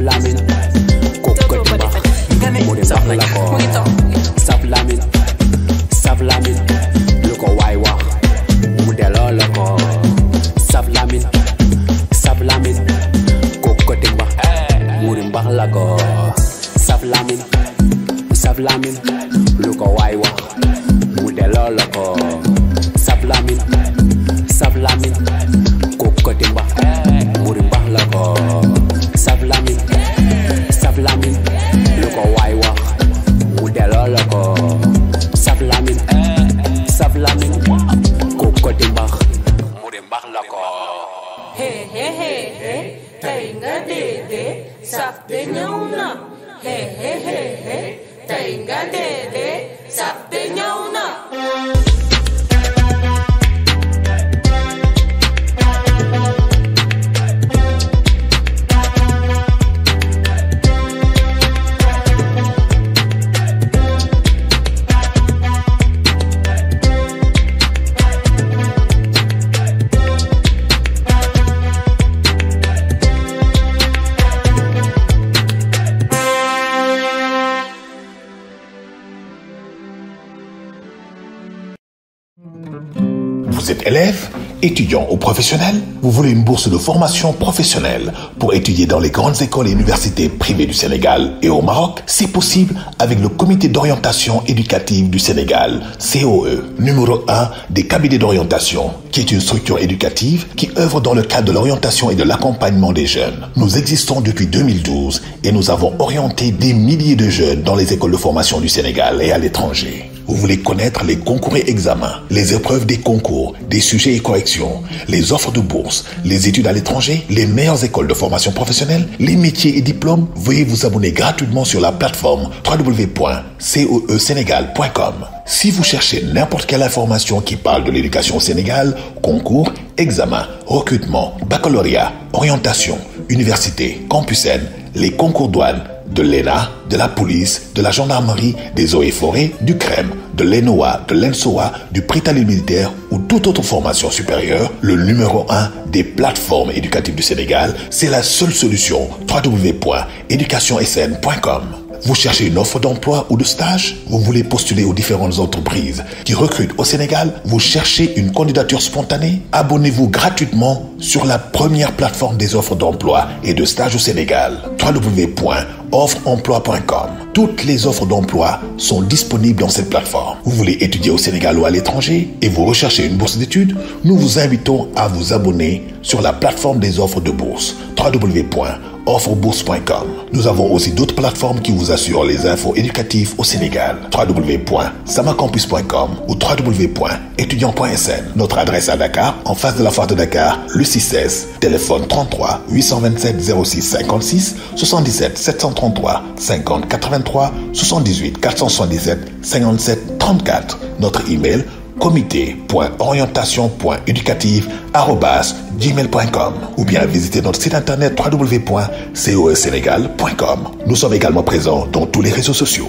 flaming Hey, hey, hey, hey, tenga de saf de neunam. Hey, hey, hey, hey, de de sap. élèves, étudiants ou professionnels vous voulez une bourse de formation professionnelle pour étudier dans les grandes écoles et universités privées du Sénégal et au Maroc, c'est possible avec le Comité d'orientation éducative du Sénégal, COE, numéro 1 des cabinets d'orientation qui est une structure éducative qui œuvre dans le cadre de l'orientation et de l'accompagnement des jeunes. Nous existons depuis 2012 et nous avons orienté des milliers de jeunes dans les écoles de formation du Sénégal et à l'étranger. Vous voulez connaître les concours et examens, les épreuves des concours, des sujets et corrections, les offres de bourses, les études à l'étranger, les meilleures écoles de formation professionnelle, les métiers et diplômes Veuillez vous abonner gratuitement sur la plateforme www.coesénégal.com. Si vous cherchez n'importe quelle information qui parle de l'éducation au Sénégal, concours, examen, recrutement, baccalauréat, orientation, université, campus N, les concours douanes, de l'ENA, de la police, de la gendarmerie, des eaux et forêts, du CREM, de l'ENOA, de l'ENSOA, du Prétaline militaire ou toute autre formation supérieure, le numéro 1 des plateformes éducatives du Sénégal, c'est la seule solution www.educationsn.com. Vous cherchez une offre d'emploi ou de stage Vous voulez postuler aux différentes entreprises qui recrutent au Sénégal Vous cherchez une candidature spontanée Abonnez-vous gratuitement sur la première plateforme des offres d'emploi et de stage au Sénégal, www.offreemploi.com. Toutes les offres d'emploi sont disponibles dans cette plateforme. Vous voulez étudier au Sénégal ou à l'étranger et vous recherchez une bourse d'études Nous vous invitons à vous abonner sur la plateforme des offres de bourse www.offreemploi.com offre-bourse.com Nous avons aussi d'autres plateformes qui vous assurent les infos éducatives au Sénégal. www.samacampus.com ou www.étudiant.sn. Notre adresse à Dakar, en face de la foire de Dakar, le 16 téléphone 33 827 06 56 77 733 50 83 78 477 57 34. Notre email gmail.com ou bien visiter notre site internet www.cosénégal.com. Nous sommes également présents dans tous les réseaux sociaux.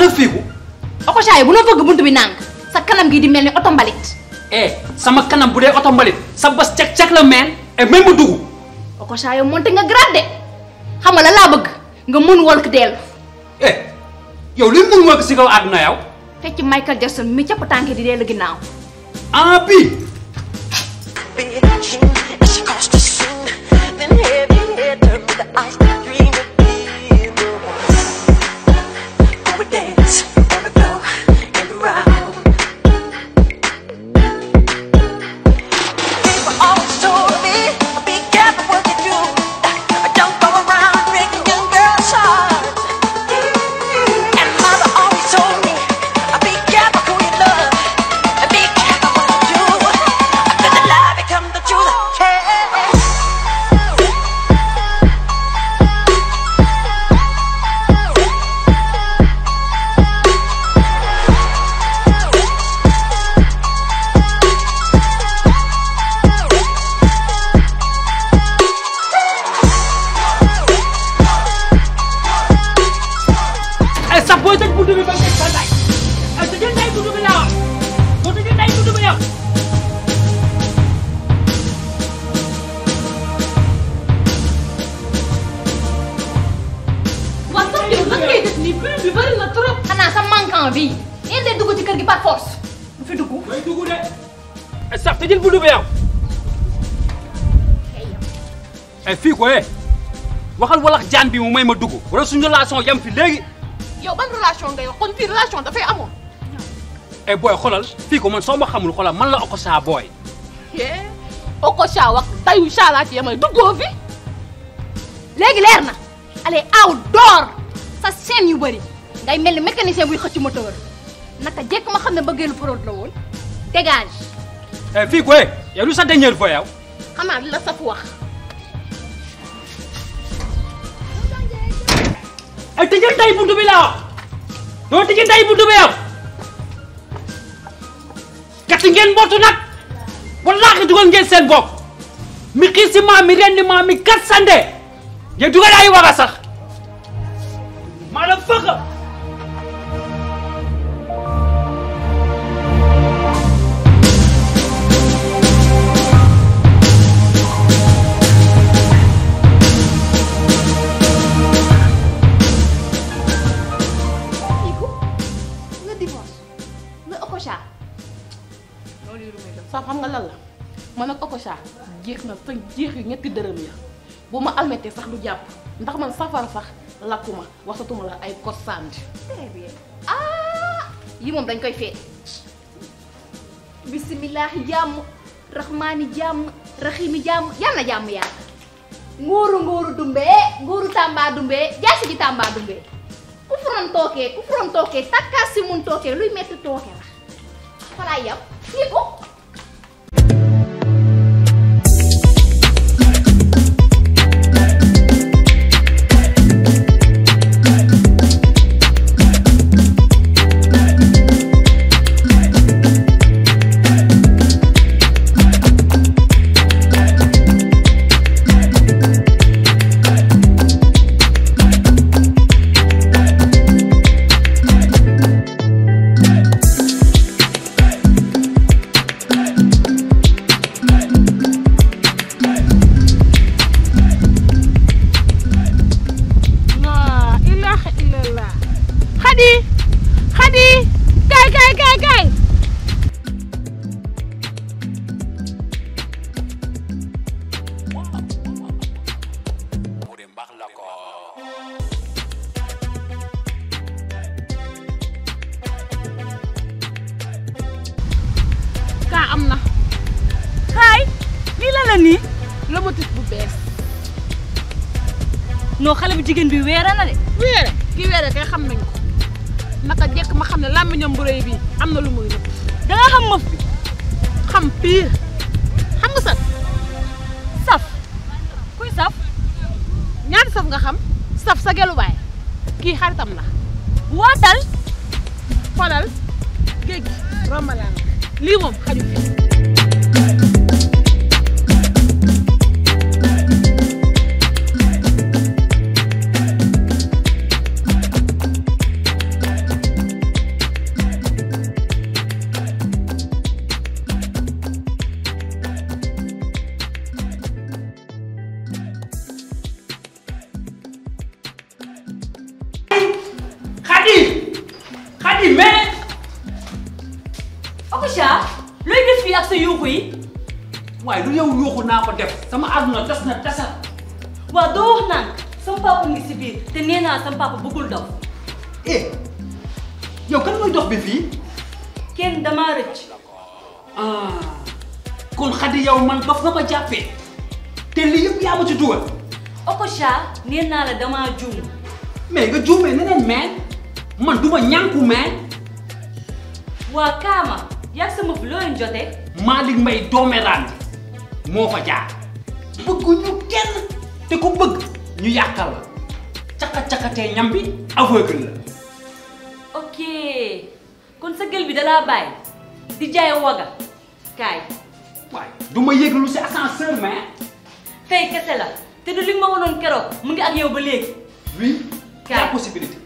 ana fiiku oko saay bu no fëgg buntu bi nang sa kanam gi di mel auto mbalit eh sama kanam bu dee mbalit sa bas cek cek la mel et eh, même bu dugg oko saa yow monté nga gradé xam nga la nga wolk del eh yow li mun wolk ci kaw aduna yow fecc michael jackson mi capp tànk di dellu ginnaw ah bii envie yéen day dugg ci kër gi par force du fi dugg. day dugg de. sax tëjël buntu bi yow. ay fii ko eh waxal walax jaan bi mu may ma dugg wala suñu relation yam fi léegi. yow ban relation ngay wax kon fii relation dafay amoon. ay booy xolal fii ko man soo xamul xolal man la Okocha booy. Okocha wax dayu caalaa ci yamay duggoo fi léegi leer allez aw door sa chaîne yu bëri. day mel mécanicien buy xëcc moteur naka jek ma xam ne mbëggeelu prod la woon dégage. Eh, fii koy yow lu sa dernière fois yow. xama la fu wax. ay eh, tëjal tay buntu bi la wax doo tëjal tay buntu bi yow. kat ngeen botu nak wallahi dugal ngeen seen bopp mi xiisi maa mi ren mi kat sande ngeen dugal ay waga sax maa la séex yu ñetti deureum ya buma almeté sax du japp ndax man safara sax lakkuma waxatuma la ay code ah yi mom dañ koy fee. bismillah jàmm rahmani jam rahimi jam yalla jam ya nguru nguru dumbe nguru tamba dumbe jassi jaasi tamba dumbe ku furon tookee ku furon toke takkaas si mun tookee luy metti tooke la fala yam ni ko No non xale bu bi wéra na dé wéra ki wéra kay xam nañ ko naka jek ma xam ne ñom bu reuy bi am lu muy nëpp da nga xam mof bi xam pire xam nga saf saf kuy saf ñaata saf nga xam saf sa gelu bay ki xaritam la watal xolal geej romalan li mom xaju Khady Khady mais. Okocha looy def fii ak sa yuuxu yi. waaye yuuxu naa ko def sama àdduna tas na tasa. waaw doo wax naan sama si biir te nee naa sama papa bëggul eh, yow kan mooy dox bi fii. kenn damaa rëcc. Ah, kon Khady yow man dof nga ma jàppee te lii yaa ma ci dugal. Okocha nee naa la damaa juum. mais nga juumee neneen mais man duma ñànku meen waa kaama yàgg m'a bu looleen jotee Malick Mbaye doomeraan moo fa jaar bëgguñu kenn te ku bëgg ñu yàqal la caka te ñam bi aveugle la ok kon sa gël bi dalaa bàyyi di jaay waga Kai. waay du ma yëglu si ascenseur mais tey kese la te du li ma wanoon kero, mu ngi ak yow ba oui la possibilité.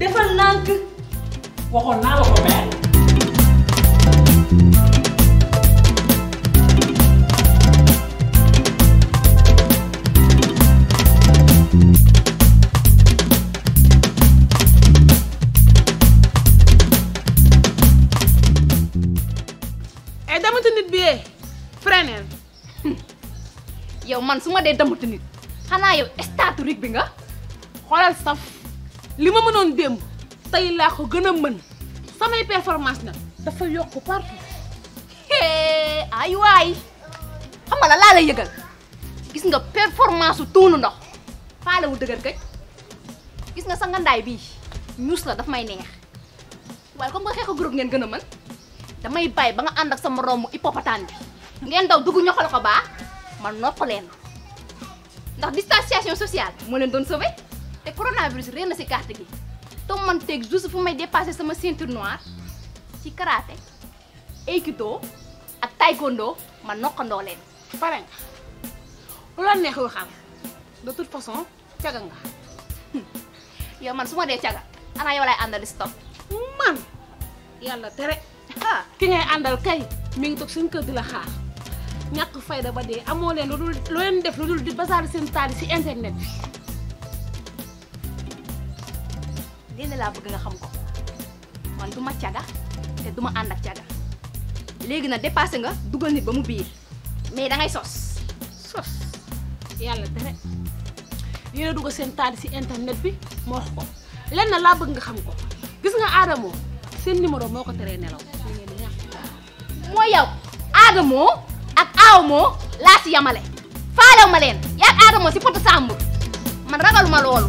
defal nànk waxoon naa la ko mère. man suma day dem damut nit xanaa yow rig bi nga xolal saf lima meunon dem tay la ko gëna a mën samay performance na dafa yokk partout ay way xam nga la laa lay yëgal gis nga performance tuunu ndox faale wu deugar kay gis nga sa ngandaay bi ñuus la daf may neex ko comme nga xeexu groupe ngeen gëna damay bay ba nga ànd ak sama romu hippopotame bi ngeen daw duggu ñoxal ko ba ma ndax distanciation sociale moo leen doon sa sauvé te coronavirus réer na si carte gi tom man teeg juste fu may dépassé sama ceinture noire ci karaté aikido ak taekwondo man noqandoo leen pare nga lu la neex waxal de toute façon caga nga hmm. yow man su ma dee caga ana yow lay àndal stop man yàlla tere ah. ki ngay àndal kay mi ngi toog suñu kër di la xaar ñàkk fayda ba dee amoo leen lu dul leen def lu dul di basaari seen taali ci internet bi. léegi laa bëgg nga xam ko man du ma caga te du ma ànd ak caga léegi na dépassé nga dugal nit ba mu biir mais dangay sos sos yàlla tere yéen a dugal seen taali ci internet bi moo wax ko lenn laa bëgg nga xam ko gis nga Adamo seen numéro moo ko teree nelaw. mooy yow Adamo. aaw moo laa si yamale faalew ma leen yaag aadamoo si potu sàmb man ragalu ma loolu